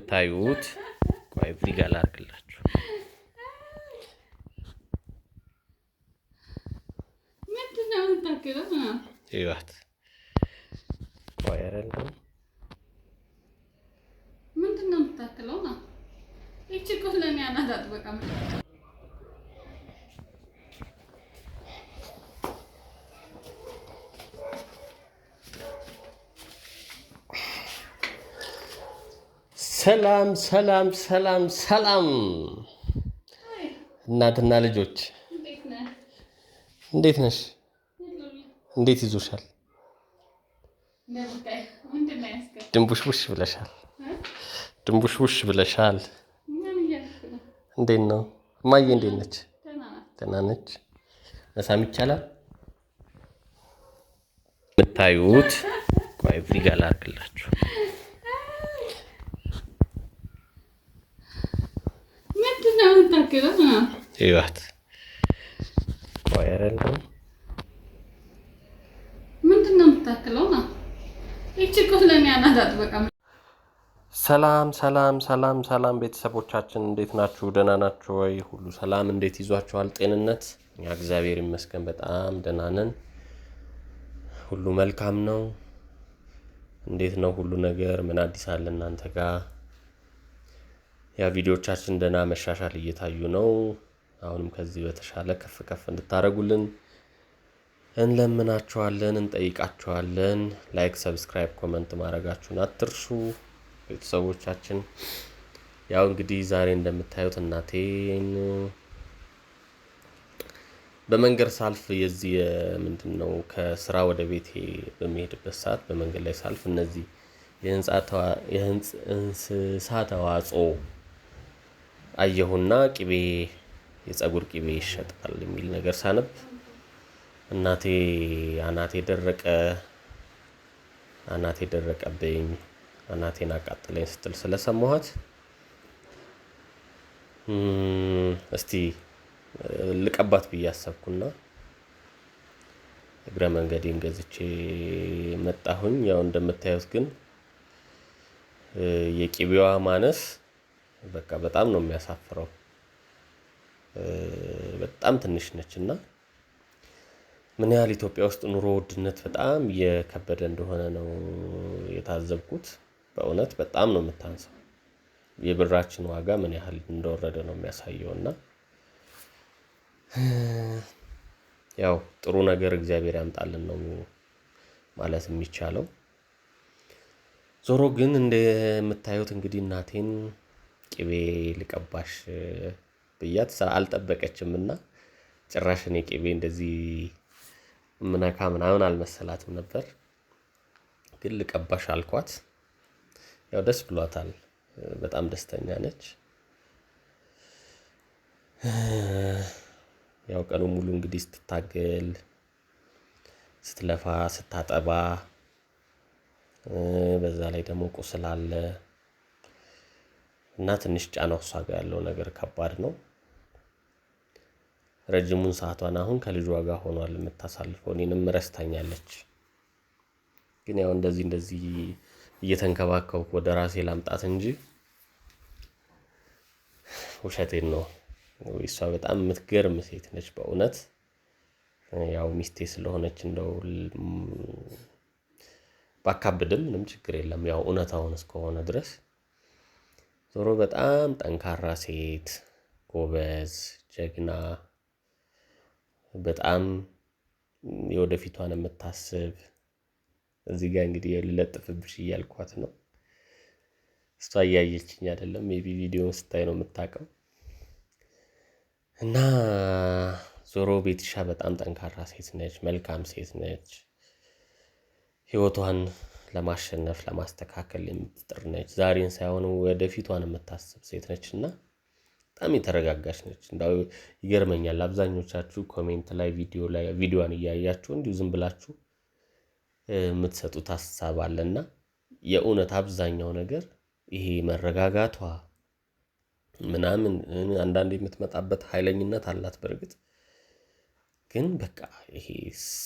ብታዩት ቆይ እዚህ ጋር ላድርግላችሁ። ይዋት ቆይ አይደለም ምንድን ነው የምታክለው? ነው ይቺ እኮ ለእኔ አናት አጥበቃ ሰላም ሰላም ሰላም ሰላም እናትና ልጆች እንዴት ነሽ? እንዴት ይዞሻል? ድንቡሽቡሽ ብለሻል። ድንቡሽቡሽ ብለሻል። እንዴት ነው እማዬ? እንዴት ነች? ደህና ነች። መሳም ይቻላል? የምታዩት ቆይ እዚህ ጋር እዩት። ቆየረ እንደው ምንድን ነው የምታክለው? ሰላም ሰላም ሰላም ሰላም ቤተሰቦቻችን እንዴት ናችሁ? ደህና ናችሁ ወይ? ሁሉ ሰላም እንዴት ይዟችኋል? ጤንነት? እኛ እግዚአብሔር ይመስገን በጣም ደህና ነን። ሁሉ መልካም ነው። እንዴት ነው ሁሉ ነገር? ምን አዲስ አለ እናንተ ጋር? ያ ቪዲዮዎቻችን ደህና መሻሻል እየታዩ ነው። አሁንም ከዚህ በተሻለ ከፍ ከፍ እንድታደርጉልን እንለምናችኋለን፣ እንጠይቃችኋለን። ላይክ፣ ሰብስክራይብ፣ ኮመንት ማድረጋችሁን አትርሱ ቤተሰቦቻችን። ያው እንግዲህ ዛሬ እንደምታዩት እናቴን በመንገድ ሳልፍ የዚህ ምንድን ነው ከስራ ወደ ቤቴ በሚሄድበት ሰዓት በመንገድ ላይ ሳልፍ እነዚህ የእንስሳ ተዋጽኦ አየሁና ቅቤ የፀጉር ቅቤ ይሸጣል የሚል ነገር ሳነብ እናቴ አናቴ ደረቀ አናቴ ደረቀብኝ አናቴን አቃጥለኝ ስትል ስለሰማኋት እስቲ ልቀባት ብዬ አሰብኩና እግረ መንገዴን ገዝቼ መጣሁኝ። ያው እንደምታዩት ግን የቂቤዋ ማነስ በቃ በጣም ነው የሚያሳፍረው። በጣም ትንሽ ነች እና ምን ያህል ኢትዮጵያ ውስጥ ኑሮ ውድነት በጣም እየከበደ እንደሆነ ነው የታዘብኩት። በእውነት በጣም ነው የምታንሰው። የብራችን ዋጋ ምን ያህል እንደወረደ ነው የሚያሳየው እና ያው ጥሩ ነገር እግዚአብሔር ያምጣልን ነው ማለት የሚቻለው። ዞሮ ግን እንደምታዩት እንግዲህ እናቴን ቅቤ ልቀባሽ ብያት ስራ አልጠበቀችም እና ጭራሽ እኔ ቅቤ እንደዚህ ምነካ ምናምን አልመሰላትም ነበር። ግን ልቀባሽ አልኳት። ያው ደስ ብሏታል። በጣም ደስተኛ ነች። ያው ቀኑ ሙሉ እንግዲህ ስትታገል ስትለፋ ስታጠባ፣ በዛ ላይ ደግሞ ቁስል አለ። እና ትንሽ ጫና እሷ ጋር ያለው ነገር ከባድ ነው። ረጅሙን ሰዓቷን አሁን ከልጇ ጋር ሆኗል የምታሳልፈው። እኔንም ረስታኛለች። ግን ያው እንደዚህ እንደዚህ እየተንከባከብኩ ወደ ራሴ ላምጣት እንጂ ውሸቴን ነው። እሷ በጣም የምትገርም ሴት ነች በእውነት ያው ሚስቴ ስለሆነች እንደው ባካብድም ምንም ችግር የለም። ያው እውነታውን እስከሆነ ድረስ ዞሮ በጣም ጠንካራ ሴት፣ ጎበዝ፣ ጀግና በጣም የወደፊቷን የምታስብ እዚህ ጋር እንግዲህ ልለጥፍብሽ እያልኳት ነው። እሷ እያየችኝ አይደለም፣ ቢ ቪዲዮን ስታይ ነው የምታውቀው። እና ዞሮ ቤትሻ በጣም ጠንካራ ሴት ነች፣ መልካም ሴት ነች። ህይወቷን ለማሸነፍ ለማስተካከል የምትጥር ነች። ዛሬን ሳይሆን ወደፊቷን የምታስብ ሴት ነች እና በጣም የተረጋጋች ነች። እንዳው ይገርመኛል አብዛኞቻችሁ ኮሜንት ላይ ቪዲዮ ላይ ቪዲዮዋን እያያችሁ እንዲሁ ዝም ብላችሁ የምትሰጡት ሀሳብ አለ እና የእውነት አብዛኛው ነገር ይሄ መረጋጋቷ ምናምን አንዳንድ የምትመጣበት ኃይለኝነት አላት በእርግጥ ግን በቃ ይሄ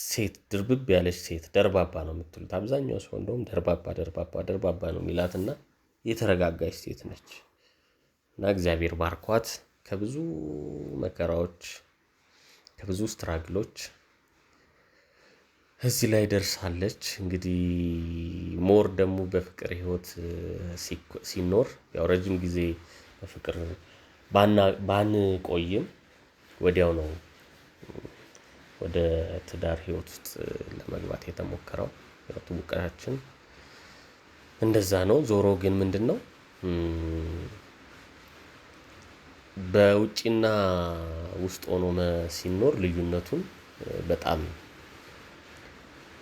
ሴት ድርብብ ያለች ሴት ደርባባ ነው የምትሉት አብዛኛው ሰው እንደውም ደርባባ ደርባባ ደርባባ ነው የሚላትና የተረጋጋች ሴት ነች እና እግዚአብሔር ባርኳት ከብዙ መከራዎች ከብዙ ስትራግሎች እዚህ ላይ ደርሳለች። እንግዲህ ሞር ደግሞ በፍቅር ህይወት ሲኖር ያው ረጅም ጊዜ በፍቅር ባንቆይም ወዲያው ነው ወደ ትዳር ህይወት ውስጥ ለመግባት የተሞከረው ህይወት እንደዛ ነው። ዞሮ ግን ምንድን ነው በውጭና ውስጥ ሆኖ ሲኖር ልዩነቱን በጣም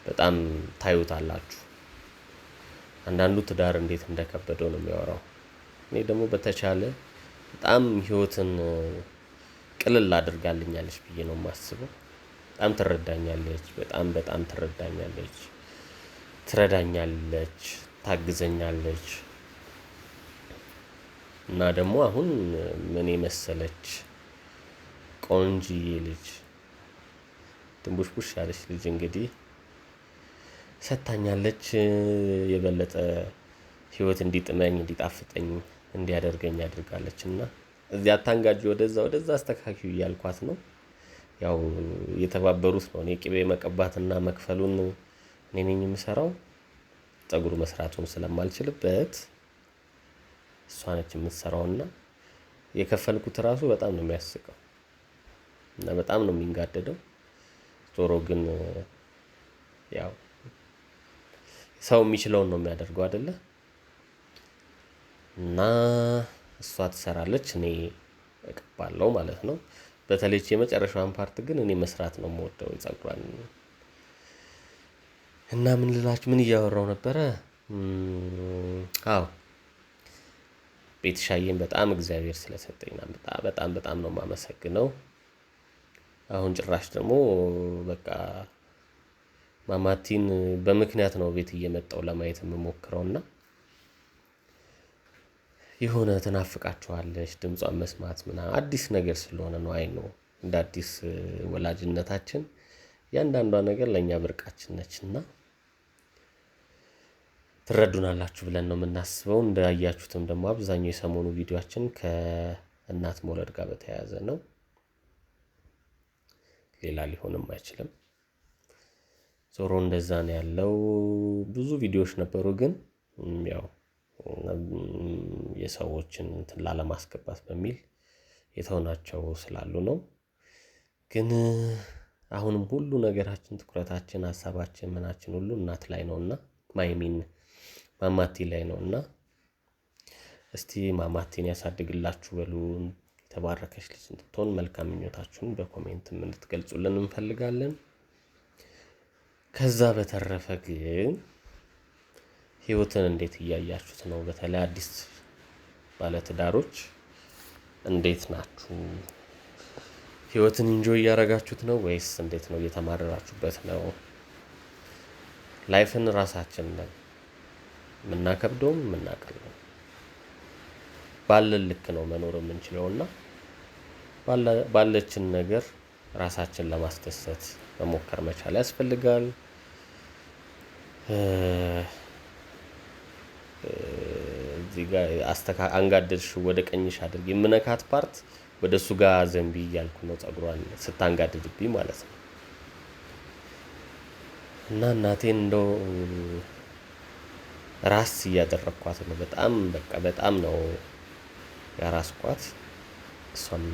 በጣም ታዩታላችሁ። አንዳንዱ ትዳር እንዴት እንደከበደው ነው የሚያወራው። እኔ ደግሞ በተቻለ በጣም ህይወትን ቅልል አድርጋልኛለች ብዬ ነው የማስበው። በጣም ትረዳኛለች፣ በጣም በጣም ትረዳኛለች፣ ትረዳኛለች፣ ታግዘኛለች እና ደግሞ አሁን ምን የመሰለች ቆንጂ ልጅ ትንቡሽቡሽ ያለች ልጅ እንግዲህ ሰታኛለች። የበለጠ ህይወት እንዲጥመኝ እንዲጣፍጠኝ እንዲያደርገኝ አድርጋለች እና እዚያ አታንጋጅ፣ ወደዛ ወደዛ አስተካኪው እያልኳት ነው። ያው የተባበሩት ነው። እኔ ቅቤ መቀባትና መክፈሉን እኔ ነኝ የምሰራው። ፀጉር መስራቱን ስለማልችልበት እሷ ነች እና የከፈልኩት ራሱ በጣም ነው የሚያስቀው እና በጣም ነው የሚንጋደደው። ዞሮ ግን ያው ሰው የሚችለውን ነው የሚያደርገው አይደለ? እና እሷ ትሰራለች፣ እኔ እቀባለሁ ማለት ነው። በተለይ የመጨረሻዋን ፓርት ግን እኔ መስራት ነው የምወደው ጸጉሯን። እና ምን ልላችሁ ምን እያወራው ነበረ? አዎ ቤትሻዬን በጣም እግዚአብሔር ስለሰጠኝና በጣም በጣም ነው የማመሰግነው። አሁን ጭራሽ ደግሞ በቃ ማማቲን በምክንያት ነው ቤት እየመጣው ለማየት የምሞክረውና የሆነ ትናፍቃችኋለች ድምጿን መስማት ምና አዲስ ነገር ስለሆነ ነው። አይ ነው እንደ አዲስ ወላጅነታችን እያንዳንዷ ነገር ለእኛ ብርቃችን እና ትረዱናላችሁ ብለን ነው የምናስበው። እንዳያችሁትም ደግሞ አብዛኛው የሰሞኑ ቪዲዮችን ከእናት መውለድ ጋር በተያያዘ ነው። ሌላ ሊሆንም አይችልም። ዞሮ እንደዛ ነው ያለው። ብዙ ቪዲዮዎች ነበሩ ግን ያው የሰዎችን እንትን ላለማስገባት በሚል የተሆናቸው ስላሉ ነው። ግን አሁንም ሁሉ ነገራችን ትኩረታችን ሀሳባችን ምናችን ሁሉ እናት ላይ ነው እና ማይሚን ማማቲ ላይ እና እስቲ ማማቲን ያሳድግላችሁ በሉ የተባረከች ልጅ እንድትሆን መልካም ምኞታችሁን በኮሜንት እንድትገልጹልን እንፈልጋለን። ከዛ በተረፈ ግን ህይወትን እንዴት እያያችሁት ነው? በተለይ አዲስ ባለትዳሮች እንዴት ናችሁ? ህይወትን እንጆ እያደረጋችሁት ነው ወይስ እንዴት ነው? እየተማረራችሁበት ነው? ላይፍን ራሳችን ነን የምናከብደውም የምናቀልበው ባለን ልክ ነው መኖር የምንችለው እና ባለችን ነገር ራሳችን ለማስደሰት መሞከር መቻል ያስፈልጋል። እዚህ ጋር አስተካ አንጋደድሽ ወደ ቀኝሽ አድርጊ የምነካት ፓርት ወደ እሱ ጋር ዘንቢ እያልኩ ነው ጸጉሯን ስታንጋድድብኝ ማለት ነው። እና እናቴን እንደው ራስ እያደረግኳት ነው። በጣም በቃ በጣም ነው ያራስኳት። እሷም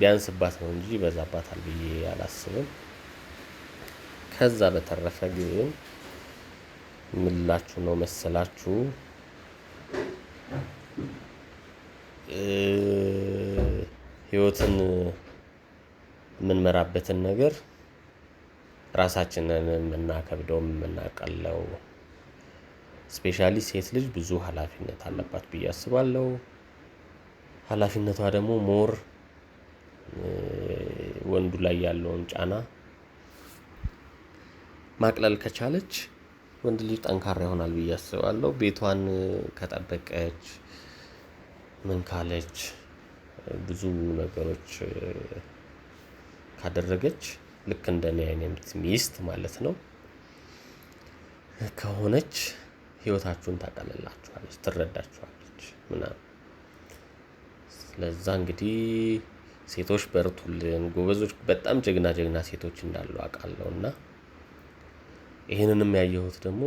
ቢያንስባት ነው እንጂ ይበዛባታል ብዬ አላስብም። ከዛ በተረፈ ግን ምላችሁ ነው መሰላችሁ ህይወትን የምንመራበትን ነገር ራሳችንን የምናከብደው የምናቀለው። ስፔሻሊ ሴት ልጅ ብዙ ኃላፊነት አለባት ብዬ አስባለሁ። ኃላፊነቷ ደግሞ ሞር ወንዱ ላይ ያለውን ጫና ማቅለል ከቻለች ወንድ ልጅ ጠንካራ ይሆናል ብዬ አስባለሁ። ቤቷን ከጠበቀች ምን ካለች ብዙ ነገሮች ካደረገች ልክ እንደኔ አይነት ሚስት ማለት ነው ከሆነች ህይወታችሁን ታቀልላችኋለች፣ ትረዳችኋለች ምናምን። ስለዛ እንግዲህ ሴቶች በርቱልን ጎበዞች፣ በጣም ጀግና ጀግና ሴቶች እንዳሉ አውቃለሁ እና ይሄንንም ያየሁት ደግሞ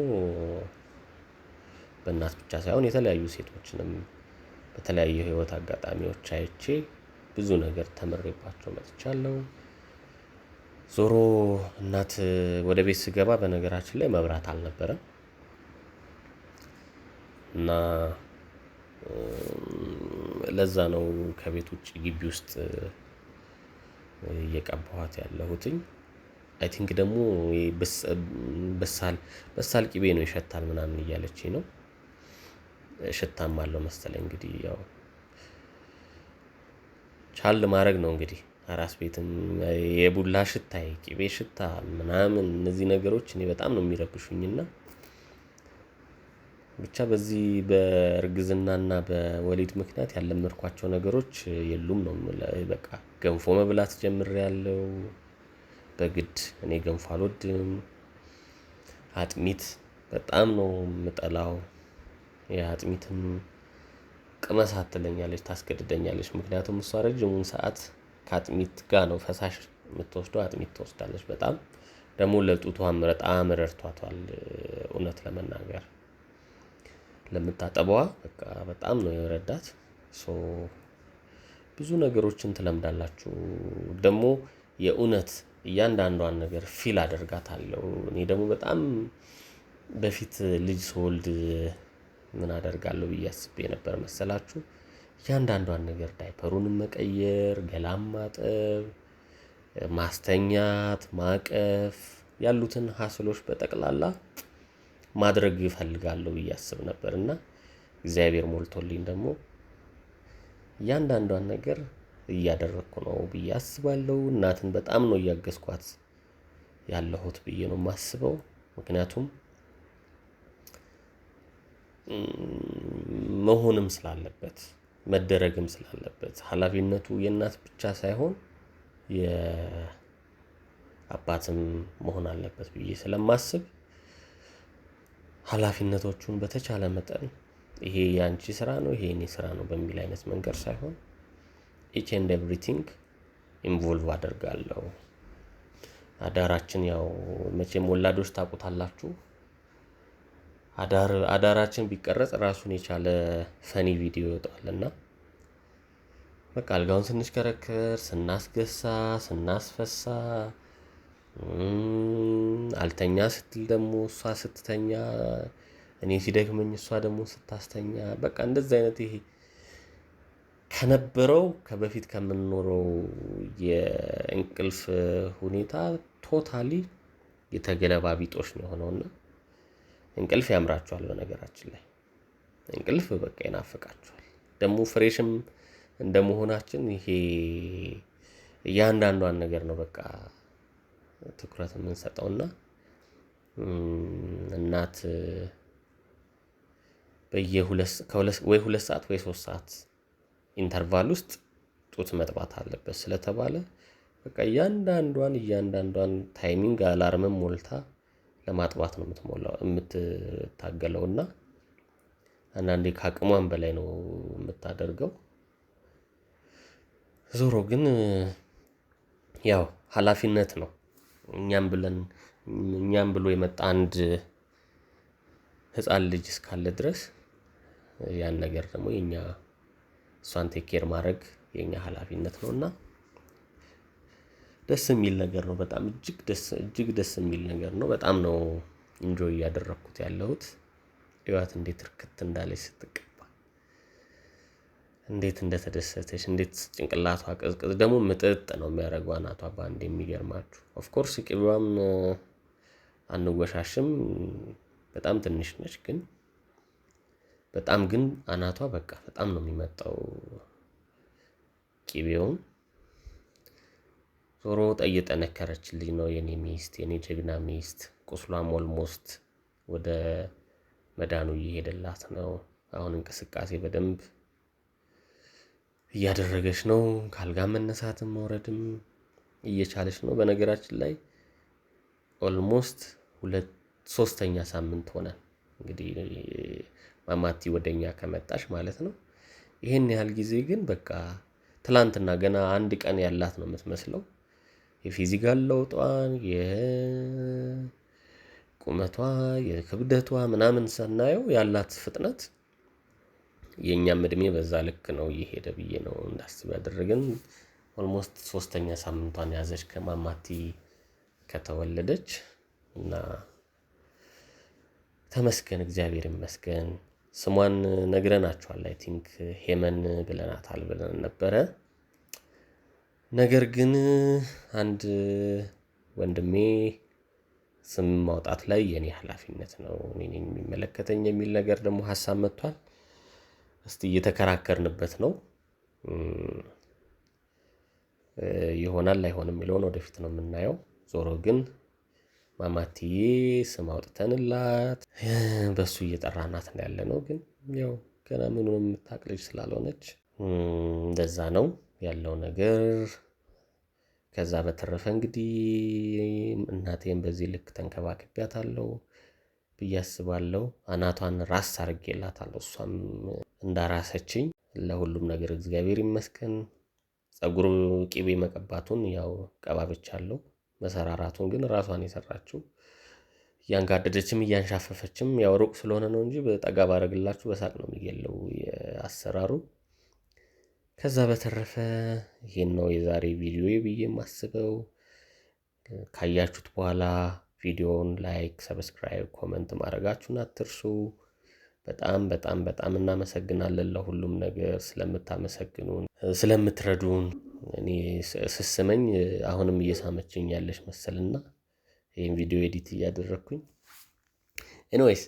በእናት ብቻ ሳይሆን የተለያዩ ሴቶችንም በተለያዩ ህይወት አጋጣሚዎች አይቼ ብዙ ነገር ተምሬባቸው መጥቻለሁ። ዞሮ እናት ወደ ቤት ስገባ በነገራችን ላይ መብራት አልነበረም እና ለዛ ነው ከቤት ውጭ ግቢ ውስጥ እየቀባኋት ያለሁትኝ። አይ ቲንክ ደግሞ በሳል በሳል ቅቤ ነው ይሸታል ምናምን እያለች ነው። ሽታም አለው መሰለ እንግዲህ ያው ቻል ማድረግ ነው እንግዲህ አራስ ቤትም የቡላ ሽታ የቅቤ ሽታ ምናምን እነዚህ ነገሮች እኔ በጣም ነው የሚረብሹኝና ብቻ በዚህ በእርግዝናና በወሊድ ምክንያት ያለመድኳቸው ነገሮች የሉም ነው። በቃ ገንፎ መብላት ጀምሬያለሁ። በግድ እኔ ገንፎ አልወድም። አጥሚት በጣም ነው የምጠላው። የአጥሚትም ቅመሳ ትለኛለች፣ ታስገድደኛለች። ምክንያቱም እሷ ረጅሙን ሰዓት ከአጥሚት ጋር ነው ፈሳሽ የምትወስደው አጥሚት ትወስዳለች። በጣም ደግሞ ለጡቷም በጣም ረድቷታል። እውነት ለመናገር ለምታጠበዋ በቃ በጣም ነው የረዳት። ብዙ ነገሮችን ትለምዳላችሁ ደግሞ የእውነት እያንዳንዷን ነገር ፊል አደርጋታለሁ። እኔ ደግሞ በጣም በፊት ልጅ ስወልድ ምን አደርጋለሁ ብዬ አስቤ ነበር መሰላችሁ? እያንዳንዷን ነገር ዳይፐሩንም መቀየር፣ ገላም ማጠብ፣ ማስተኛት፣ ማቀፍ ያሉትን ሀስሎች በጠቅላላ ማድረግ እፈልጋለሁ ብዬ አስብ ነበር እና እግዚአብሔር ሞልቶልኝ ደግሞ እያንዳንዷን ነገር እያደረግኩ ነው ብዬ አስባለሁ። እናትን በጣም ነው እያገዝኳት ያለሁት ብዬ ነው የማስበው። ምክንያቱም መሆንም ስላለበት መደረግም ስላለበት ኃላፊነቱ የእናት ብቻ ሳይሆን የአባትም መሆን አለበት ብዬ ስለማስብ ኃላፊነቶቹን በተቻለ መጠን ይሄ የአንቺ ስራ ነው፣ ይሄ የኔ ስራ ነው በሚል አይነት መንገድ ሳይሆን ኢች ኤንድ ኤቭሪቲንግ ኢንቮልቭ አደርጋለሁ። አዳራችን ያው መቼም ወላዶች ታውቁታላችሁ። አዳራችን ቢቀረጽ ራሱን የቻለ ፈኒ ቪዲዮ ይወጣል እና በቃ አልጋውን ስንሽከረከር፣ ስናስገሳ፣ ስናስፈሳ አልተኛ ስትል ደግሞ እሷ ስትተኛ፣ እኔ ሲደክመኝ እሷ ደግሞ ስታስተኛ በቃ እንደዚህ አይነት ይሄ ከነበረው ከበፊት ከምንኖረው የእንቅልፍ ሁኔታ ቶታሊ የተገለባቢጦች ነው የሆነው እንቅልፍ ያምራችኋል። በነገራችን ላይ እንቅልፍ በቃ ይናፍቃችኋል። ደግሞ ፍሬሽም እንደመሆናችን ይሄ እያንዳንዷን ነገር ነው በቃ ትኩረት የምንሰጠው እና እናት በየሁለት ወይ ሁለት ሰዓት ወይ ሶስት ሰዓት ኢንተርቫል ውስጥ ጡት መጥባት አለበት ስለተባለ በቃ እያንዳንዷን እያንዳንዷን ታይሚንግ አላርምም ሞልታ ለማጥባት ነው የምትሞላው የምትታገለው እና አንዳንዴ ከአቅሟን በላይ ነው የምታደርገው። ዞሮ ግን ያው ሀላፊነት ነው እኛም ብለን እኛም ብሎ የመጣ አንድ ህፃን ልጅ እስካለ ድረስ ያን ነገር ደግሞ የኛ እሷን ቴኬር ማድረግ የኛ ኃላፊነት ነው እና ደስ የሚል ነገር ነው። በጣም እጅግ ደስ የሚል ነገር ነው። በጣም ነው እንጆይ እያደረግኩት ያለሁት። ህይወት እንዴት እርክት እንዳለች ስትቀባ፣ እንዴት እንደተደሰተች፣ እንዴት ጭንቅላቷ ቅዝቅዝ ደግሞ ምጥጥ ነው የሚያደርገው አናቷ በአንድ የሚገርማችሁ። ኦፍኮርስ ቅቤዋም አንወሻሽም፣ በጣም ትንሽ ነች ግን በጣም ግን አናቷ በቃ በጣም ነው የሚመጣው ቂቤውን ዞሮ እየጠነከረችልኝ ነው የኔ ሚስት፣ የኔ ጀግና ሚስት። ቁስሏም ኦልሞስት ወደ መዳኑ እየሄደላት ነው። አሁን እንቅስቃሴ በደንብ እያደረገች ነው። ካልጋ መነሳትም መውረድም እየቻለች ነው። በነገራችን ላይ ኦልሞስት ሁለት ሶስተኛ ሳምንት ሆነን እንግዲህ ማማቲ ወደኛ ከመጣች ማለት ነው። ይሄን ያህል ጊዜ ግን በቃ ትላንትና ገና አንድ ቀን ያላት ነው የምትመስለው። የፊዚካል ለውጧን የቁመቷ የክብደቷ ምናምን ስናየው ያላት ፍጥነት የእኛም እድሜ በዛ ልክ ነው እየሄደ ብዬ ነው እንዳስብ ያደረገን። ኦልሞስት ሶስተኛ ሳምንቷን ያዘች ከማማቲ ከተወለደች እና ተመስገን እግዚአብሔር ይመስገን። ስሟን ነግረናችኋል። አይ ቲንክ ሄመን ብለናታል ብለን ነበረ። ነገር ግን አንድ ወንድሜ ስም ማውጣት ላይ የኔ ኃላፊነት ነው እኔን የሚመለከተኝ የሚል ነገር ደግሞ ሀሳብ መጥቷል። እስቲ እየተከራከርንበት ነው። ይሆናል አይሆንም የሚለውን ወደፊት ነው የምናየው። ዞሮ ግን ማማትዬ ስም አውጥተንላት በሱ እየጠራናት ነው ግን ያው ገና ምኑን የምታውቅ ልጅ ስላልሆነች እንደዛ ነው ያለው ነገር። ከዛ በተረፈ እንግዲህ እናቴን በዚህ ልክ ተንከባክቤያታለሁ ብዬ አስባለሁ። አናቷን ራስ አድርጌላታለሁ። እሷም እንዳራሰችኝ ለሁሉም ነገር እግዚአብሔር ይመስገን። ጸጉር ቂቤ መቀባቱን ያው ቀባብቻለሁ። መሰራራቱን ግን ራሷን የሰራችው እያንጋደደችም እያንሻፈፈችም ያው ሩቅ ስለሆነ ነው እንጂ በጠጋ ባረግላችሁ በሳቅ ነው የሚገለው አሰራሩ። ከዛ በተረፈ ይሄን ነው የዛሬ ቪዲዮ ብዬ የማስበው። ካያችሁት በኋላ ቪዲዮውን ላይክ፣ ሰብስክራይብ፣ ኮመንት ማድረጋችሁን አትርሱ። በጣም በጣም በጣም እናመሰግናለን ለሁሉም ነገር ስለምታመሰግኑን፣ ስለምትረዱን እኔ ስስመኝ አሁንም እየሳመችኝ ያለች መሰልና ይህም ቪዲዮ ኤዲት እያደረኩኝ ኤኒዌይስ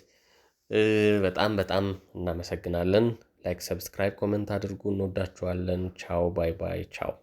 በጣም በጣም እናመሰግናለን። ላይክ፣ ሰብስክራይብ፣ ኮመንት አድርጉ። እንወዳችኋለን። ቻው ባይ ባይ። ቻው